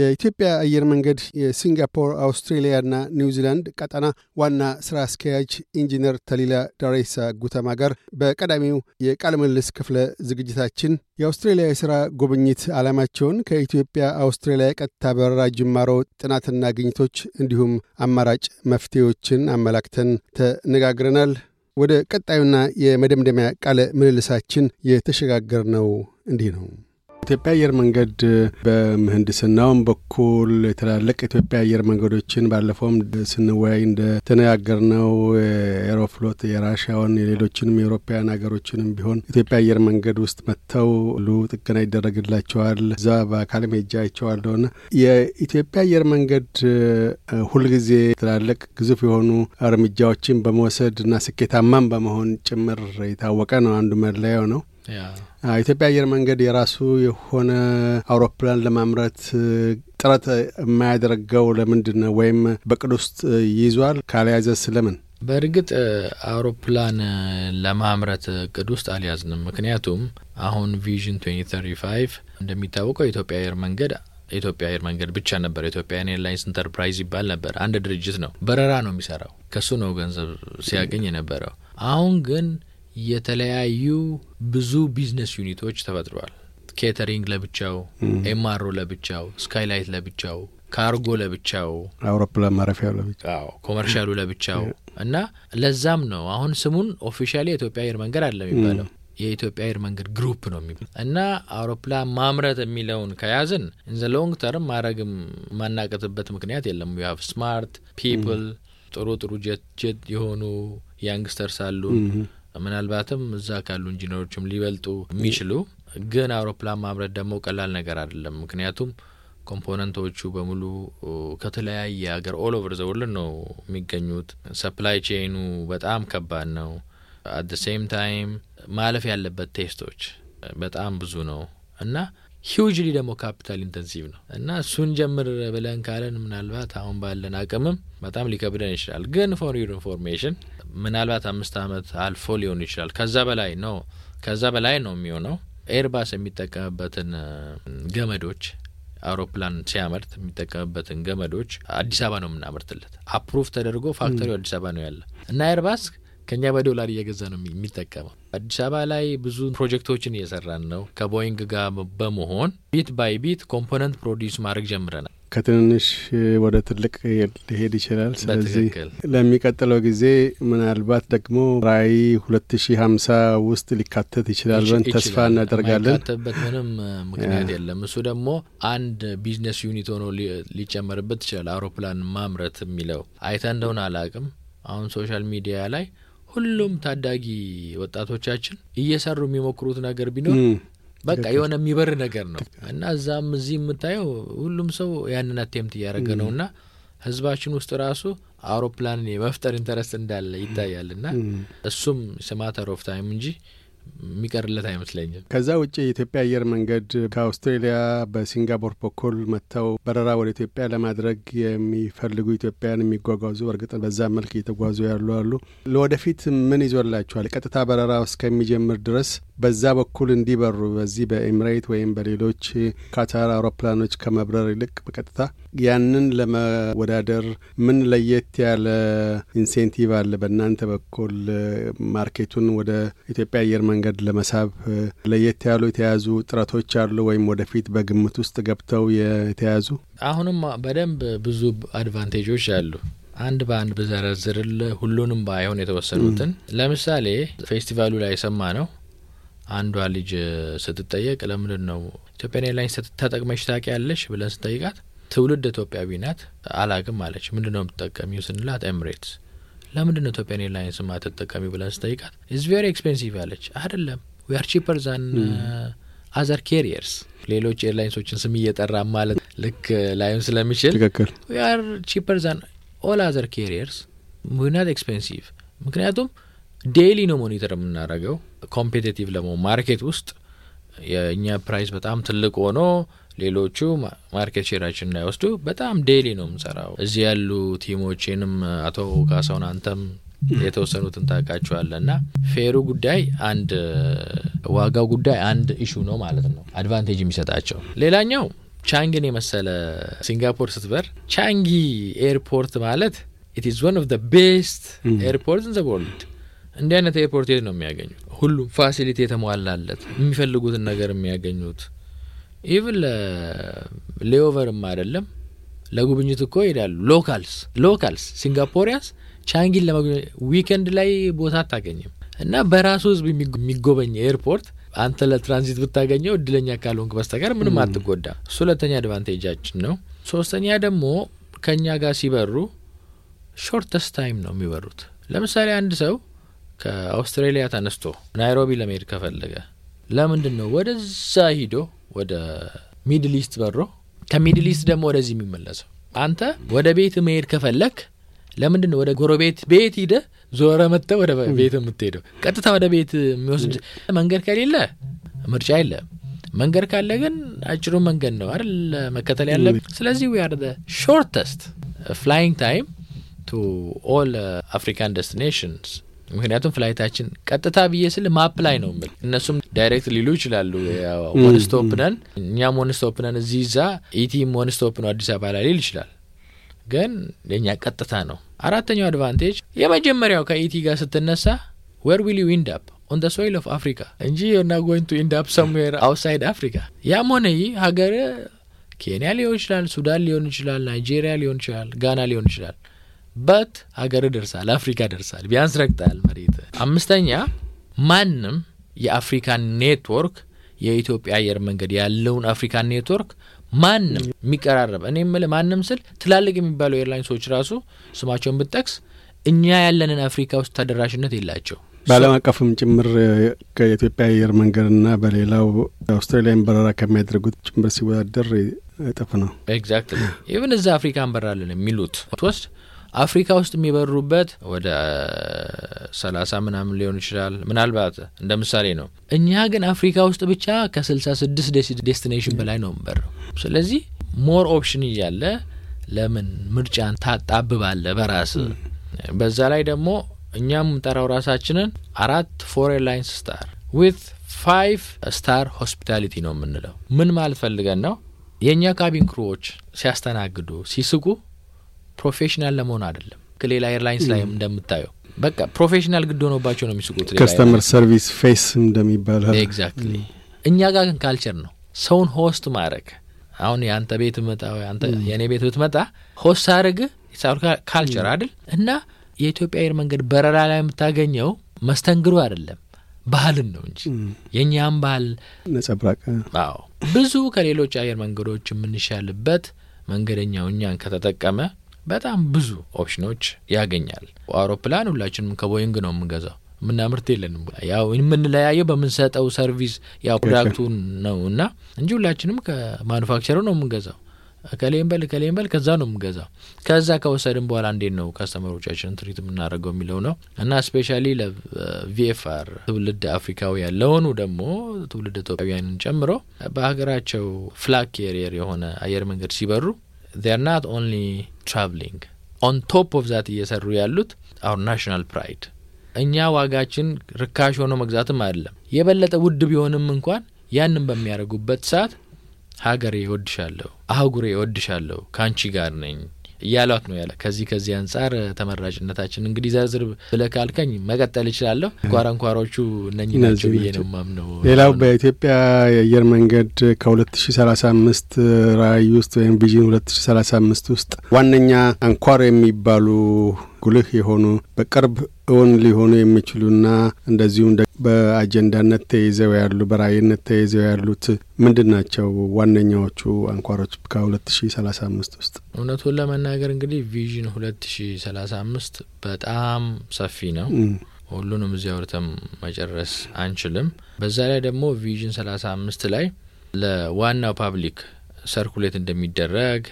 የኢትዮጵያ አየር መንገድ የሲንጋፖር አውስትሬሊያና ኒውዚላንድ ቀጠና ዋና ስራ አስኪያጅ ኢንጂነር ተሊላ ዳሬሳ ጉተማ ጋር በቀዳሚው የቃለ ምልልስ ክፍለ ዝግጅታችን የአውስትሬሊያ የሥራ ጉብኝት ዓላማቸውን ከኢትዮጵያ አውስትሬሊያ የቀጥታ በረራ ጅማሮ ጥናትና ግኝቶች እንዲሁም አማራጭ መፍትሄዎችን አመላክተን ተነጋግረናል። ወደ ቀጣዩና የመደምደሚያ ቃለ ምልልሳችን የተሸጋገር ነው እንዲህ ነው። ኢትዮጵያ አየር መንገድ በምህንድስናውም በኩል የተላለቅ ኢትዮጵያ አየር መንገዶችን ባለፈውም ስንወያይ እንደተነጋገርነው ኤሮፍሎት የራሽያውን የሌሎችንም የአውሮፓውያን ሀገሮችንም ቢሆን ኢትዮጵያ አየር መንገድ ውስጥ መጥተው ሉ ጥገና ይደረግላቸዋል። እዛ በአካል ሄጄ አይቼዋለሁ የኢትዮጵያ አየር መንገድ ሁልጊዜ ትላልቅ ግዙፍ የሆኑ እርምጃዎችን በመውሰድ እና ስኬታማም በመሆን ጭምር የታወቀ ነው። አንዱ መለያው ነው። ኢትዮጵያ አየር መንገድ የራሱ የሆነ አውሮፕላን ለማምረት ጥረት የማያደርገው ለምንድን ነው? ወይም በቅድ ውስጥ ይዟል? ካልያዘ ስለምን? በእርግጥ አውሮፕላን ለማምረት እቅድ ውስጥ አልያዝንም። ምክንያቱም አሁን ቪዥን 2035 እንደሚታወቀው የኢትዮጵያ አየር መንገድ የኢትዮጵያ አየር መንገድ ብቻ ነበር። ኢትዮጵያን ኤርላይንስ ኢንተርፕራይዝ ይባል ነበር። አንድ ድርጅት ነው፣ በረራ ነው የሚሰራው። ከሱ ነው ገንዘብ ሲያገኝ የነበረው። አሁን ግን የተለያዩ ብዙ ቢዝነስ ዩኒቶች ተፈጥረዋል። ኬተሪንግ ለብቻው፣ ኤምአርኦ ለብቻው፣ ስካይላይት ለብቻው፣ ካርጎ ለብቻው፣ አውሮፕላን ማረፊያው ለብቻው፣ ኮመርሻሉ ለብቻው እና ለዛም ነው አሁን ስሙን ኦፊሻሊ የኢትዮጵያ አየር መንገድ አለ የሚባለው የኢትዮጵያ አየር መንገድ ግሩፕ ነው የሚባል እና አውሮፕላን ማምረት የሚለውን ከያዝን ኢንዘ ሎንግ ተርም ማድረግም የማናቀጥበት ምክንያት የለም። ዩ ሀቭ ስማርት ፒፕል ጥሩ ጥሩ ጀት ጀት የሆኑ ያንግስተርስ አሉ። ምናልባትም እዛ ካሉ ኢንጂነሮችም ሊበልጡ የሚችሉ ግን አውሮፕላን ማምረት ደግሞ ቀላል ነገር አይደለም። ምክንያቱም ኮምፖነንቶቹ በሙሉ ከተለያየ ሀገር ኦል ኦቨር ነው የሚገኙት። ሰፕላይ ቼኑ በጣም ከባድ ነው። አት ደ ሴም ታይም ማለፍ ያለበት ቴስቶች በጣም ብዙ ነው እና ሂውጅሊ ደግሞ ካፒታል ኢንተንሲቭ ነው እና እሱን ጀምር ብለን ካለን ምናልባት አሁን ባለን አቅምም በጣም ሊከብደን ይችላል። ግን ፎር ዩር ኢንፎርሜሽን ምናልባት አምስት ዓመት አልፎ ሊሆን ይችላል። ከዛ በላይ ነው ከዛ በላይ ነው የሚሆነው። ኤርባስ የሚጠቀምበትን ገመዶች አውሮፕላን ሲያመርት የሚጠቀምበትን ገመዶች አዲስ አበባ ነው የምናመርትለት። አፕሩቭ ተደርጎ ፋክተሪው አዲስ አበባ ነው ያለ እና ኤርባስ ከኛ በዶላር እየገዛ ነው የሚጠቀመው። አዲስ አበባ ላይ ብዙ ፕሮጀክቶችን እየሰራን ነው። ከቦይንግ ጋር በመሆን ቢት ባይ ቢት ኮምፖነንት ፕሮዲውስ ማድረግ ጀምረናል። ከትንንሽ ወደ ትልቅ ሊሄድ ይችላል። ስለዚህ ለሚቀጥለው ጊዜ ምናልባት ደግሞ ራዕይ ሁለት ሺ ሀምሳ ውስጥ ሊካተት ይችላል ብለን ተስፋ እናደርጋለን። ማይካተትበት ምንም ምክንያት የለም። እሱ ደግሞ አንድ ቢዝነስ ዩኒት ሆኖ ሊጨመርበት ይችላል። አውሮፕላን ማምረት የሚለው አይተ እንደሆነ አላቅም። አሁን ሶሻል ሚዲያ ላይ ሁሉም ታዳጊ ወጣቶቻችን እየሰሩ የሚሞክሩት ነገር ቢኖር በቃ የሆነ የሚበር ነገር ነው እና እዛም እዚህ የምታየው ሁሉም ሰው ያንን አቴምት እያደረገ ነው እና ህዝባችን ውስጥ ራሱ አውሮፕላንን የመፍጠር ኢንተረስት እንዳለ ይታያል እና እሱም ስማተር ኦፍ ታይም እንጂ የሚቀርለት አይመስለኝም። ከዛ ውጭ የኢትዮጵያ አየር መንገድ ከአውስትሬሊያ በሲንጋፖር በኩል መጥተው በረራ ወደ ኢትዮጵያ ለማድረግ የሚፈልጉ ኢትዮጵያን የሚጓጓዙ እርግጥ በዛ መልክ እየተጓዙ ያሉ አሉ። ለወደፊት ምን ይዞላቸዋል? ቀጥታ በረራ እስከሚጀምር ድረስ በዛ በኩል እንዲበሩ በዚህ በኤምሬት ወይም በሌሎች ካታር አውሮፕላኖች ከመብረር ይልቅ በቀጥታ ያንን ለመወዳደር ምን ለየት ያለ ኢንሴንቲቭ አለ በእናንተ በኩል ማርኬቱን ወደ ኢትዮጵያ አየር መንገድ ለመሳብ ለየት ያሉ የተያዙ ጥረቶች አሉ ወይም ወደፊት በግምት ውስጥ ገብተው የተያዙ? አሁንም በደንብ ብዙ አድቫንቴጆች አሉ። አንድ በአንድ ብዘረዝርል ሁሉንም ባይሆን የተወሰኑትን ለምሳሌ ፌስቲቫሉ ላይ የሰማ ነው። አንዷ ልጅ ስትጠየቅ ለምንድን ነው ኢትዮጵያን ኤርላይንስ ተጠቅመሽ ታውቂያለሽ ብለን ስንጠይቃት ትውልድ ኢትዮጵያዊ ናት። አላግም አለች። ምንድን ነው የምትጠቀሚው ስንላት ኤምሬትስ። ለምንድን ነው ኢትዮጵያን ኤርላይንስ ማ ትጠቀሚ ብለን ስጠይቃት ኢዝ ቨሪ ኤክስፔንሲቭ አለች። አይደለም ዊ ቺፐር ዛን አዘር ኬሪየርስ ሌሎች ኤርላይንሶችን ስም እየጠራ ማለት ልክ ላይሆን ስለሚችል ዊ አር ቺፐር ዛን ኦል አዘር ኬሪየርስ ዊ ኤክስፔንሲቭ ምክንያቱም ዴይሊ ነው ሞኒተር የምናደርገው ኮምፔቲቲቭ ለመሆን ማርኬት ውስጥ የእኛ ፕራይስ በጣም ትልቅ ሆኖ ሌሎቹ ማርኬት ሼራችን እንዳይወስዱ በጣም ዴሊ ነው የምንሰራው። እዚህ ያሉ ቲሞቼንም አቶ ካሳውን አንተም የተወሰኑትን ታውቃቸዋለህ እና ፌሩ ጉዳይ አንድ ዋጋው ጉዳይ አንድ ኢሹ ነው ማለት ነው አድቫንቴጅ የሚሰጣቸው። ሌላኛው ቻንጊን የመሰለ ሲንጋፖር ስትበር ቻንጊ ኤርፖርት ማለት ኢት ን ኦፍ ቤስት ኤርፖርት ዘ ወርልድ። እንዲህ አይነት ኤርፖርት የት ነው የሚያገኙት? ሁሉም ፋሲሊቲ የተሟላለት የሚፈልጉትን ነገር የሚያገኙት ኢቭን ሌኦቨርም አይደለም ለጉብኝት እኮ ይሄዳሉ። ሎካልስ ሎካልስ ሲንጋፖሪያንስ ቻንጊን ለመ ዊከንድ ላይ ቦታ አታገኝም። እና በራሱ ህዝብ የሚጎበኝ ኤርፖርት አንተ ለትራንዚት ብታገኘው እድለኛ ካልሆንክ በስተቀር ምንም አትጎዳ። እሱ ሁለተኛ አድቫንቴጃችን ነው። ሶስተኛ ደግሞ ከእኛ ጋር ሲበሩ ሾርተስ ታይም ነው የሚበሩት። ለምሳሌ አንድ ሰው ከአውስትራሊያ ተነስቶ ናይሮቢ ለመሄድ ከፈለገ ለምንድን ነው ወደዛ ሂዶ ወደ ሚድል ኢስት በሮ ከሚድል ኢስት ደግሞ ወደዚህ የሚመለሰው? አንተ ወደ ቤት መሄድ ከፈለክ ለምንድን ነው ወደ ጎረቤት ቤት ሂደ ዞረ መጥተ ወደ ቤት የምትሄደው? ቀጥታ ወደ ቤት የሚወስድ መንገድ ከሌለ ምርጫ የለ መንገድ ካለ ግን አጭሩ መንገድ ነው አይደል መከተል ያለ። ስለዚህ ዊ ሾርተስት ፍላይንግ ታይም ቱ ኦል አፍሪካን ደስቲኔሽንስ ምክንያቱም ፍላይታችን ቀጥታ ብዬ ስል ማፕ ላይ ነው ምል እነሱም ዳይሬክት ሊሉ ይችላሉ። ወንስቶፕ ነን እኛም ወንስቶፕ ነን እዚህ ዛ ኢቲም ወንስቶፕ ነው አዲስ አበባ ላይ ሊል ይችላል። ግን የእኛ ቀጥታ ነው። አራተኛው አድቫንቴጅ የመጀመሪያው ከኢቲ ጋር ስትነሳ ዌር ዊል ዩ ኢንዳፕ አፕ ኦን ሶይል ኦፍ አፍሪካ እንጂ ና ጎይን ቱ ኢንዳፕ ሰምዌር አውትሳይድ አፍሪካ። ያም ሆነ ይህ ሀገር ኬንያ ሊሆን ይችላል፣ ሱዳን ሊሆን ይችላል፣ ናይጄሪያ ሊሆን ይችላል፣ ጋና ሊሆን ይችላል በት ሀገር ደርሳል፣ አፍሪካ ደርሳል። ቢያንስ ረግጣል መሬት። አምስተኛ ማንም የአፍሪካን ኔትወርክ የኢትዮጵያ አየር መንገድ ያለውን አፍሪካን ኔትወርክ ማንም የሚቀራረብ እኔ ምል ማንም ስል ትላልቅ የሚባሉ ኤርላይንሶች ራሱ ስማቸውን ብጠቅስ እኛ ያለንን አፍሪካ ውስጥ ተደራሽነት የላቸው። በዓለም አቀፍም ጭምር ከኢትዮጵያ አየር መንገድና በሌላው አውስትራሊያን በረራ ከሚያደርጉት ጭምር ሲወዳደር እጥፍ ነው። ኤግዛክትሊ ኢቨን እዛ አፍሪካ እንበራለን የሚሉት ትወስድ አፍሪካ ውስጥ የሚበሩበት ወደ ሰላሳ ምናምን ሊሆን ይችላል ምናልባት እንደ ምሳሌ ነው። እኛ ግን አፍሪካ ውስጥ ብቻ ከስልሳ ስድስት ዴስቲኔሽን በላይ ነው ምበር። ስለዚህ ሞር ኦፕሽን እያለ ለምን ምርጫን ታጣብባለ በራስ በዛ ላይ ደግሞ እኛም የምንጠራው ራሳችንን አራት ፎሬን ላይንስ ስታር ዊት ፋይቭ ስታር ሆስፒታሊቲ ነው የምንለው። ምን ማለት ፈልገን ነው? የእኛ ካቢን ክሩዎች ሲያስተናግዱ ሲስቁ ፕሮፌሽናል ለመሆን አይደለም። ከሌላ ኤርላይንስ ላይ እንደምታየው በቃ ፕሮፌሽናል ግድ ሆኖባቸው ነው የሚስጉት። ከስተመር ሰርቪስ ፌስ እንደሚባል ኤግዛክትሊ። እኛ ጋር ግን ካልቸር ነው ሰውን ሆስት ማድረግ። አሁን የአንተ ቤት ወይ አንተ የእኔ ቤት ብትመጣ ሆስት ሳደርግ ካልቸር አይደል እና የኢትዮጵያ አየር መንገድ በረራ ላይ የምታገኘው መስተንግዶ አይደለም ባህልን ነው እንጂ የእኛም ባህል ነጸብራቅ። አዎ ብዙ ከሌሎች አየር መንገዶች የምንሻልበት መንገደኛው እኛን ከተጠቀመ በጣም ብዙ ኦፕሽኖች ያገኛል። አውሮፕላን ሁላችንም ከቦይንግ ነው የምንገዛው። ምናምርት የለንም። ያው የምንለያየው በምንሰጠው ሰርቪስ ያው ፕሮዳክቱ ነው እና እንጂ ሁላችንም ከማኑፋክቸሩ ነው የምንገዛው። ከሌም በል በል ከዛ ነው የምንገዛው። ከዛ ከወሰድን በኋላ እንዴት ነው ከስተመሮቻችን ትሪት የምናደርገው የሚለው ነው እና ስፔሻሊ ለቪኤፍአር ትውልድ አፍሪካውያን ለሆኑ ደግሞ ትውልድ ኢትዮጵያውያንን ጨምሮ በሀገራቸው ፍላግ ካሪየር የሆነ አየር መንገድ ሲበሩ ር ናት ኦንሊ ትራቭሊንግ ኦን ቶፕ ኦፍ ዛት እየሰሩ ያሉት አሁን ናሽናል ፕራይድ እኛ ዋጋችን ርካሽ ሆኖ መግዛትም አይደለም። የበለጠ ውድ ቢሆንም እንኳን ያንን በሚያደርጉበት ሰዓት ሀገሬ እወድሻለሁ፣ አህጉሬ እወድሻለሁ፣ ከአንቺ ጋር ነኝ እያሏት ነው ያለ። ከዚህ ከዚህ አንጻር ተመራጭነታችን እንግዲህ ዘርዝር ብለህ ካልከኝ መቀጠል እችላለሁ። እንኳራ እንኳሮቹ እነኚህ ናቸው ብዬ ነው የማምነው። ሌላው በኢትዮጵያ የአየር መንገድ ከ2035 ራዕይ ውስጥ ወይም ቪዥን 2035 ውስጥ ዋነኛ አንኳር የሚባሉ ጉልህ የሆኑ በቅርብ እውን ሊሆኑ የሚችሉና እንደዚሁም በአጀንዳነት ተይዘው ያሉ በራእይነት ተይዘው ያሉት ምንድን ናቸው ዋነኛዎቹ አንኳሮች ከ2035 ውስጥ? እውነቱን ለመናገር እንግዲህ ቪዥን 2035 በጣም ሰፊ ነው። ሁሉንም እዚያ ወርተም መጨረስ አንችልም። በዛ ላይ ደግሞ ቪዥን 35 ላይ ለዋናው ፓብሊክ ሰርኩሌት እንደሚደረግ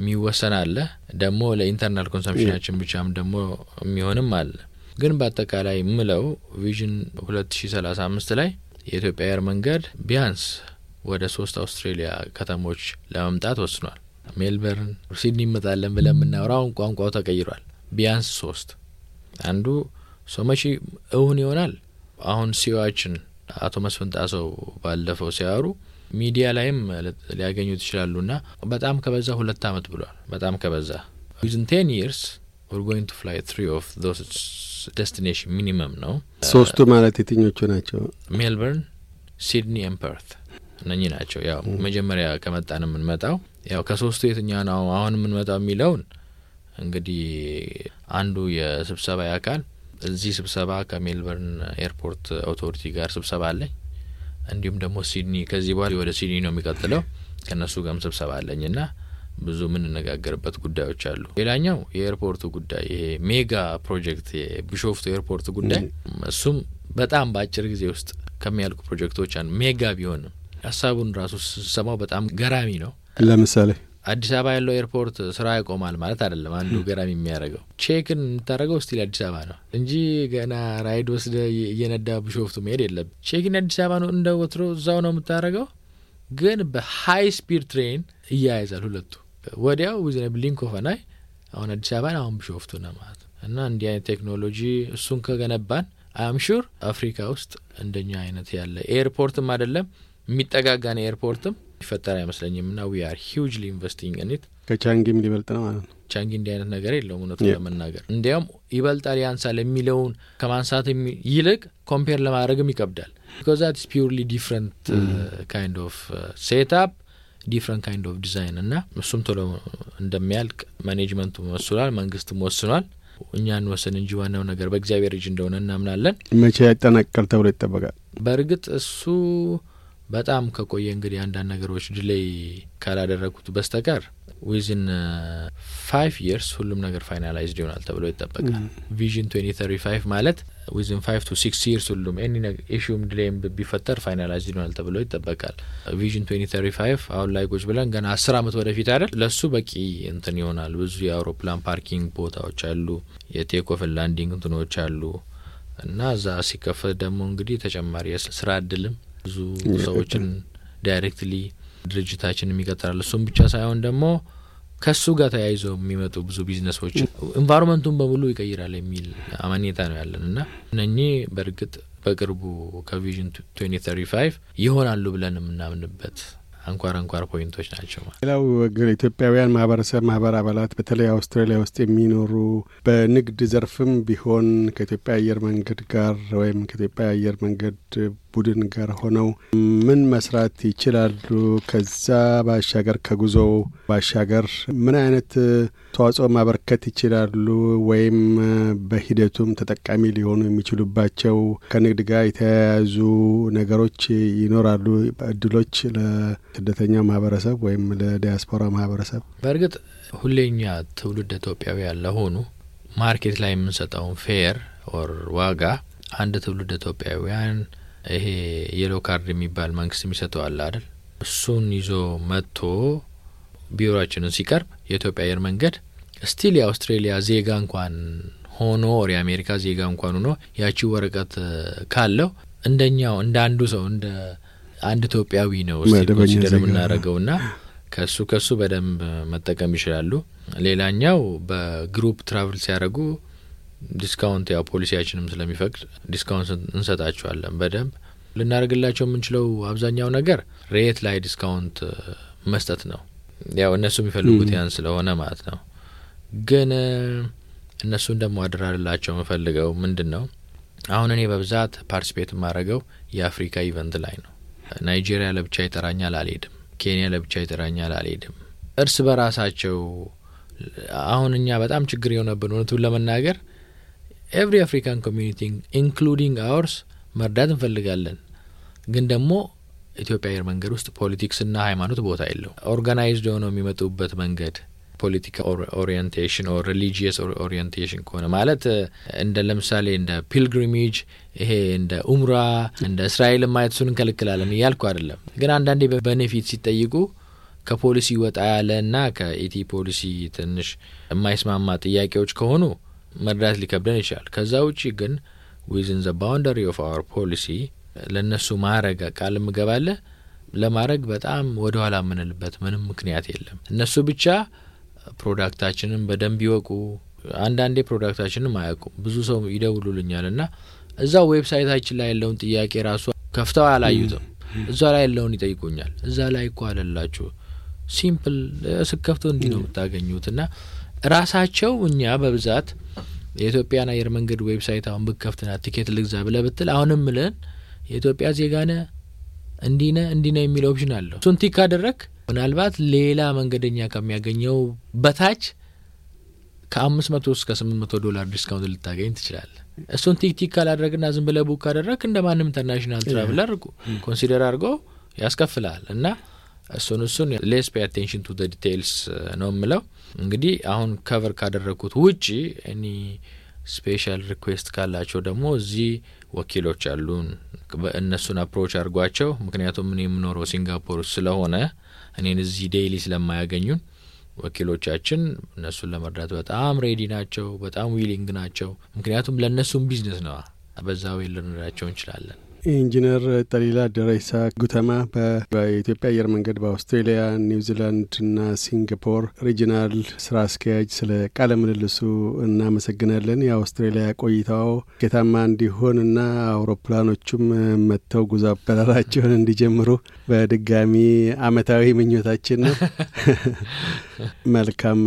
የሚወሰን አለ ደግሞ ለኢንተርናል ኮንሰምሽናችን ብቻም ደግሞ የሚሆንም አለ። ግን በአጠቃላይ ምለው ቪዥን 2035 ላይ የኢትዮጵያ አየር መንገድ ቢያንስ ወደ ሶስት አውስትሬሊያ ከተሞች ለመምጣት ወስኗል። ሜልበርን፣ ሲድኒ ይመጣለን ብለን የምናወራው ቋንቋው ተቀይሯል። ቢያንስ ሶስት አንዱ ሰው መቼ እሁን ይሆናል? አሁን ሲዋችን አቶ መስፍንጣሰው ባለፈው ሲያወሩ ሚዲያ ላይም ሊያገኙት ይችላሉ። ና በጣም ከበዛ ሁለት አመት ብሏል። በጣም ከበዛ ዊዝን ቴን ይርስ ር ጎይንግ ቱ ፍላይ ትሪ ኦፍ ዞስ ደስቲኔሽን ሚኒመም ነው። ሶስቱ ማለት የትኞቹ ናቸው? ሜልበርን፣ ሲድኒ ኤምፐርት እነኚ ናቸው። ያው መጀመሪያ ከመጣን የምንመጣው ያው ከሶስቱ የትኛ ነው አሁን የምንመጣው የሚለውን እንግዲህ አንዱ የስብሰባ አካል እዚህ ስብሰባ ከሜልበርን ኤርፖርት ኦቶሪቲ ጋር ስብሰባ አለኝ እንዲሁም ደግሞ ሲድኒ ከዚህ በኋላ ወደ ሲድኒ ነው የሚቀጥለው ከእነሱ ጋርም ስብሰባ አለኝ ና ብዙ የምንነጋገርበት ጉዳዮች አሉ። ሌላኛው የኤርፖርቱ ጉዳይ ይሄ ሜጋ ፕሮጀክት የቢሾፍቱ ኤርፖርት ጉዳይ እሱም በጣም በአጭር ጊዜ ውስጥ ከሚያልቁ ፕሮጀክቶች አንዱ ሜጋ ቢሆንም ሀሳቡን ራሱ ስሰማው በጣም ገራሚ ነው። ለምሳሌ አዲስ አበባ ያለው ኤርፖርት ስራ ያቆማል ማለት አይደለም። አንዱ ገራሚ የሚያደርገው ቼክን የምታደርገው ስቲል አዲስ አበባ ነው እንጂ ገና ራይድ ወስደ እየነዳ ብሾፍቱ መሄድ የለም። ቼክን አዲስ አበባ ነው እንደ ወትሮ እዛው ነው የምታደርገው። ግን በሀይ ስፒድ ትሬን እያያዛል ሁለቱ ወዲያው ዊዝነ ብሊንክ ኦፍ አን አይ አሁን አዲስ አበባን አሁን ብሾፍቱ ነው ማለት እና እንዲህ አይነት ቴክኖሎጂ እሱን ከገነባን አም ሹር አፍሪካ ውስጥ እንደኛ አይነት ያለ ኤርፖርትም አይደለም የሚጠጋጋን ኤርፖርትም ይፈጠር አይመስለኝም ና ዊ አር ሂውጅሊ ኢንቨስቲንግ ኒት ከቻንጊም ሊበልጥ ነው ማለት ነው። ቻንጊ እንዲህ አይነት ነገር የለውም እውነቱ ለመናገር እንዲያውም ይበልጣል ያንሳል የሚለውን ከማንሳት ይልቅ ኮምፔር ለማድረግም ይከብዳል። ቢኮዝ ዛት ኢስ ፒውርሊ ዲፍረንት ካይንድ ኦፍ ሴትፕ ዲፍረንት ካይንድ ኦፍ ዲዛይን እና እሱም ቶሎ እንደሚያልቅ ማኔጅመንቱ ወስኗል፣ መንግስትም ወስኗል። እኛ እንወሰን እንጂ ዋናው ነገር በእግዚአብሔር እጅ እንደሆነ እናምናለን። መቼ ያጠናቀል ተብሎ ይጠበቃል? በእርግጥ እሱ በጣም ከቆየ እንግዲህ አንዳንድ ነገሮች ድሌይ ካላደረጉት በስተቀር ዊዝን ፋይቭ የርስ ሁሉም ነገር ፋይናላይዝድ ይሆናል ተብሎ ይጠበቃል። ቪዥን ትዌንቲ ፋይቭ ማለት ዊዝን ፋይቭ ቱ ሲክስ የርስ ሁሉም ኤኒ ኢሹም ድሌይም ቢፈጠር ፋይናላይዝድ ይሆናል ተብሎ ይጠበቃል። ቪዥን ትዌንቲ ፋይቭ አሁን ላይ ቁጭ ብለን ገና አስር አመት ወደፊት አይደል ለሱ በቂ እንትን ይሆናል። ብዙ የአውሮፕላን ፓርኪንግ ቦታዎች አሉ፣ የቴኮፍ ላንዲንግ እንትኖች አሉ እና እዛ ሲከፈት ደግሞ እንግዲህ ተጨማሪ ስራ እድልም ብዙ ሰዎችን ዳይሬክትሊ ድርጅታችን የሚቀጥራል። እሱም ብቻ ሳይሆን ደግሞ ከሱ ጋር ተያይዘው የሚመጡ ብዙ ቢዝነሶች ኢንቫይሮንመንቱን በሙሉ ይቀይራል የሚል አመኔታ ነው ያለን እና እነኚህ በእርግጥ በቅርቡ ከቪዥን 2035 ይሆናሉ ብለን የምናምንበት አንኳር አንኳር ፖይንቶች ናቸው። ሌላው ኢትዮጵያውያን ማህበረሰብ ማህበር አባላት በተለይ አውስትራሊያ ውስጥ የሚኖሩ በንግድ ዘርፍም ቢሆን ከኢትዮጵያ አየር መንገድ ጋር ወይም ከኢትዮጵያ አየር መንገድ ቡድን ጋር ሆነው ምን መስራት ይችላሉ? ከዛ ባሻገር ከጉዞ ባሻገር ምን አይነት ተዋጽኦ ማበርከት ይችላሉ? ወይም በሂደቱም ተጠቃሚ ሊሆኑ የሚችሉባቸው ከንግድ ጋር የተያያዙ ነገሮች ይኖራሉ? እድሎች ለስደተኛው ማህበረሰብ ወይም ለዲያስፖራ ማህበረሰብ በእርግጥ ሁሌኛ ትውልድ ኢትዮጵያውያን ለሆኑ ማርኬት ላይ የምንሰጠውን ፌር ኦር ዋጋ አንድ ትውልድ ኢትዮጵያውያን ይሄ የሎ ካርድ የሚባል መንግስት የሚሰጠው አለ አይደል? እሱን ይዞ መጥቶ ቢሮችንን ሲቀርብ የኢትዮጵያ አየር መንገድ ስቲል የአውስትሬሊያ ዜጋ እንኳን ሆኖ ወር የአሜሪካ ዜጋ እንኳን ሆኖ ያቺ ወረቀት ካለው እንደኛው እንደ አንዱ ሰው እንደ አንድ ኢትዮጵያዊ ነው ስቲል ኮንሲደር ና ከሱ ከሱ በደንብ መጠቀም ይችላሉ። ሌላኛው በግሩፕ ትራቭል ሲያደርጉ ዲስካውንት ያው ፖሊሲያችንም ስለሚፈቅድ ዲስካውንት እንሰጣቸዋለን በደንብ ልናደርግላቸው የምንችለው አብዛኛው ነገር ሬት ላይ ዲስካውንት መስጠት ነው። ያው እነሱ የሚፈልጉት ያን ስለሆነ ማለት ነው። ግን እነሱን ደግሞ አደራልላቸው የምፈልገው ምንድን ነው፣ አሁን እኔ በብዛት ፓርቲስፔት የማድረገው የአፍሪካ ኢቨንት ላይ ነው። ናይጄሪያ ለብቻ ይጠራኛል አልሄድም። ኬንያ ለብቻ ይጠራኛል አልሄድም። እርስ በራሳቸው አሁን እኛ በጣም ችግር የሆነብን እውነቱን ለመናገር ኤቭሪ አፍሪካን ኮሚኒቲ ኢንክሉዲንግ አወርስ መርዳት እንፈልጋለን። ግን ደግሞ ኢትዮጵያ አየር መንገድ ውስጥ ፖለቲክስና ሃይማኖት ቦታ የለው። ኦርጋናይዝድ የሆነው የሚመጡበት መንገድ ፖለቲካ ኦሪየንቴሽን ኦር ሪሊጂየስ ኦሪንቴሽን ከሆነ ማለት እንደ ለምሳሌ እንደ ፒልግሪሜጅ ይሄ እንደ ኡምራ እንደ እስራኤል ሱን እንከልክላለን እያልኩ አይደለም። ግን አንዳንዴ በቤኔፊት ሲጠይቁ ከፖሊሲ ወጣ ና ከኢቲ ፖሊሲ ትንሽ የማይስማማ ጥያቄዎች ከሆኑ መርዳት ሊከብደን ይችላል። ከዛ ውጪ ግን ዊዝን ዘ ባውንደሪ ኦፍ አወር ፖሊሲ ለእነሱ ማረግ ቃል ምገባለ ለማድረግ በጣም ወደ ኋላ የምንልበት ምንም ምክንያት የለም። እነሱ ብቻ ፕሮዳክታችንን በደንብ ይወቁ። አንዳንዴ ፕሮዳክታችንም አያውቁም። ብዙ ሰው ይደውሉልኛል እና እዛው ዌብሳይታችን ላይ ያለውን ጥያቄ ራሱ ከፍተው አላዩትም። hmm. እዛ ላይ ያለውን ይጠይቁኛል። እዛ ላይ እኮ አለላችሁ ሲምፕል ስከፍተው እንዲህ ነው hmm. የምታገኙት እና ራሳቸው እኛ በብዛት የኢትዮጵያን አየር መንገድ ዌብሳይት አሁን ብከፍትና ቲኬት ልግዛ ብለ ብትል አሁንም ምለን የኢትዮጵያ ዜጋ ነ እንዲነ እንዲነ የሚል ኦፕሽን አለው። እሱን ቲክ አደረግ ምናልባት ሌላ መንገደኛ ከሚያገኘው በታች ከአምስት መቶ እስከ ስምንት መቶ ዶላር ዲስካውንት ልታገኝ ትችላለ። እሱን ቲክ ቲክ ካላደረግና ዝም ብለ ቡክ ካደረግ እንደ ማንም ኢንተርናሽናል ትራቭለር ኮንሲደር አድርጎ ያስከፍላል እና እሱን እሱን ሌስ ፔ አቴንሽን ቱ ዲቴይልስ ነው የምለው። እንግዲህ አሁን ከቨር ካደረግኩት ውጪ እኒ ስፔሻል ሪኩዌስት ካላቸው ደግሞ እዚህ ወኪሎች አሉን። እነሱን አፕሮች አድርጓቸው። ምክንያቱም እኔ የምኖረው ሲንጋፖር ስለሆነ እኔን እዚህ ዴይሊ ስለማያገኙን ወኪሎቻችን እነሱን ለመርዳት በጣም ሬዲ ናቸው፣ በጣም ዊሊንግ ናቸው። ምክንያቱም ለእነሱም ቢዝነስ ነዋ። በዛ ወይ ልንረዳቸው እንችላለን። ኢንጂነር ጠሊላ ደረሳ ጉተማ በኢትዮጵያ አየር መንገድ በአውስትሬሊያ፣ ኒውዚላንድ እና ሲንጋፖር ሪጂናል ስራ አስኪያጅ፣ ስለ ቃለ ምልልሱ እናመሰግናለን። የአውስትሬሊያ ቆይታው ጌታማ እንዲሆን እና አውሮፕላኖቹም መጥተው ጉዞ አበራራቸውን እንዲጀምሩ በድጋሚ አመታዊ ምኞታችን ነው። መልካም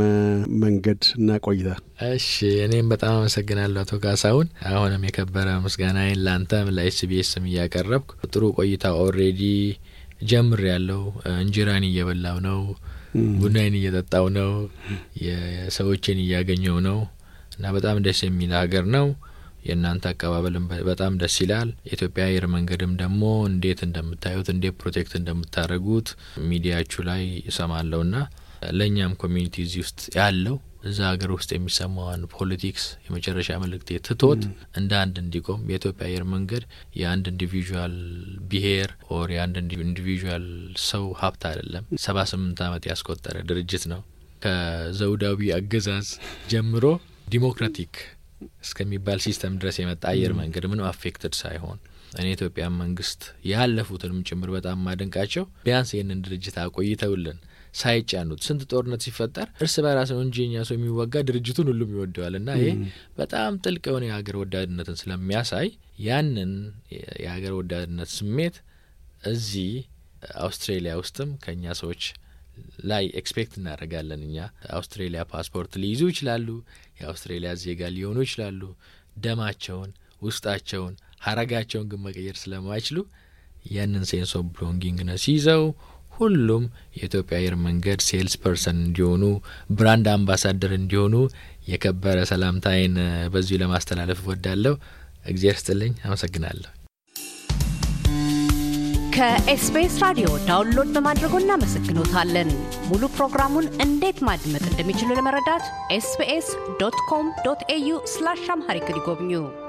መንገድ እና ቆይታ። እሺ፣ እኔም በጣም አመሰግናለሁ አቶ ካሳሁን። አሁንም የከበረ ምስጋናዬን ለአንተም ለኤስቢኤስ ፕሮግራሞችም እያቀረብኩ ጥሩ ቆይታ ኦሬዲ ጀምር ያለው እንጀራን እየበላው ነው፣ ቡናይን እየጠጣው ነው፣ የሰዎችን እያገኘው ነው እና በጣም ደስ የሚል ሀገር ነው። የእናንተ አቀባበልም በጣም ደስ ይላል። የኢትዮጵያ አየር መንገድም ደግሞ እንዴት እንደምታዩት እንዴት ፕሮቴክት እንደምታደርጉት ሚዲያችሁ ላይ ና ለእኛም ኮሚኒቲ እዚህ ውስጥ ያለው እዛ ሀገር ውስጥ የሚሰማዋን ፖለቲክስ የመጨረሻ መልእክቴ ትቶት እንደ አንድ እንዲቆም የኢትዮጵያ አየር መንገድ የአንድ ኢንዲቪዥዋል ብሄር ኦር የአንድ ኢንዲቪዥዋል ሰው ሀብት አይደለም። ሰባ ስምንት ዓመት ያስቆጠረ ድርጅት ነው። ከዘውዳዊ አገዛዝ ጀምሮ ዲሞክራቲክ እስከሚባል ሲስተም ድረስ የመጣ አየር መንገድ ምንም አፌክትድ ሳይሆን እኔ ኢትዮጵያ መንግስት ያለፉትንም ጭምር በጣም ማደንቃቸው ቢያንስ ይህንን ድርጅት አቆይተውልን ሳይጫኑት ስንት ጦርነት ሲፈጠር እርስ በራስ ነው እንጂ የኛ ሰው የሚወጋ ድርጅቱን ሁሉም ይወደዋል። እና ይሄ በጣም ጥልቅ የሆነ የሀገር ወዳድነትን ስለሚያሳይ ያንን የሀገር ወዳድነት ስሜት እዚህ አውስትሬሊያ ውስጥም ከእኛ ሰዎች ላይ ኤክስፔክት እናደርጋለን። እኛ አውስትሬሊያ ፓስፖርት ሊይዙ ይችላሉ፣ የአውስትሬሊያ ዜጋ ሊሆኑ ይችላሉ። ደማቸውን፣ ውስጣቸውን፣ ሀረጋቸውን ግን መቀየር ስለማይችሉ ያንን ሴንስ ኦፍ ብሎንጊንግነስ ሁሉም የኢትዮጵያ አየር መንገድ ሴልስ ፐርሰን እንዲሆኑ ብራንድ አምባሳደር እንዲሆኑ የከበረ ሰላምታዬን በዚሁ ለማስተላለፍ እወዳለሁ። እግዚአብሔር ስጥልኝ። አመሰግናለሁ። ከኤስቢኤስ ራዲዮ ዳውንሎድ በማድረጎ እናመሰግኖታለን። ሙሉ ፕሮግራሙን እንዴት ማድመጥ እንደሚችሉ ለመረዳት ኤስቢኤስ ዶት ኮም ዶት ኤዩ ስላሽ አምሃሪክ ይጎብኙ።